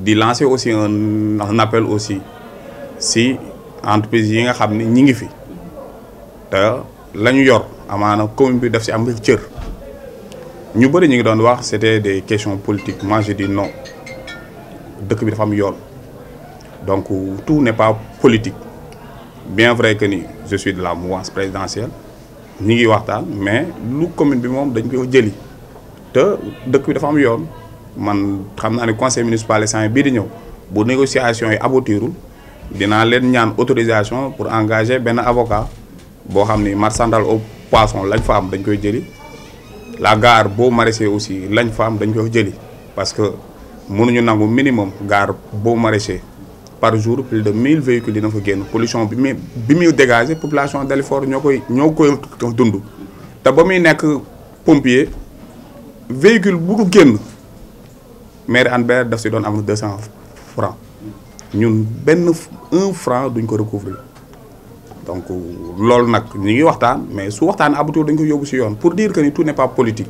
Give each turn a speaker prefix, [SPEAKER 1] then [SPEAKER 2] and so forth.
[SPEAKER 1] de lancer aussi un, un appel aussi si entreprise yi nga xamni ñi ngi fi te lañu yor amana commune bi daf ci am cër ñu bari ñi ngi doon wax c'était des questions politiques moi je dis non dëkk bi dafa am yoon donc tout n'est pas politique bien vrai que ni je suis de la mouvance présidentielle ñi ngi waxtaan mais lu commune bi moom dañ ko jëli te dëkk bi dafa am yoon man xam naa ne conseil municipal est bii di ñëw bu négociation yi aboutirul dinaa leen ñaan autorisation pour engager un avocat pour amener ni au poisson lañ fa am dañ koy la gare beau maraîcher aussi lañ femme, dañ koy jëli parce que avons nangu minimum gare beau maraîcher par jour plus de 1000 véhicules dina fa La pollution bi dégagée, bi muy dégager population Dalifort ñoo koy ñoo koy dund te ba muy nekk pompier véhicule bu maire Hann a donné 200 francs nous avons un franc duñ ko recouvrir donc lool nak ñi ngi mais su waxtaan abutul dañ ko yóbbu pour dire que tout n'est pas politique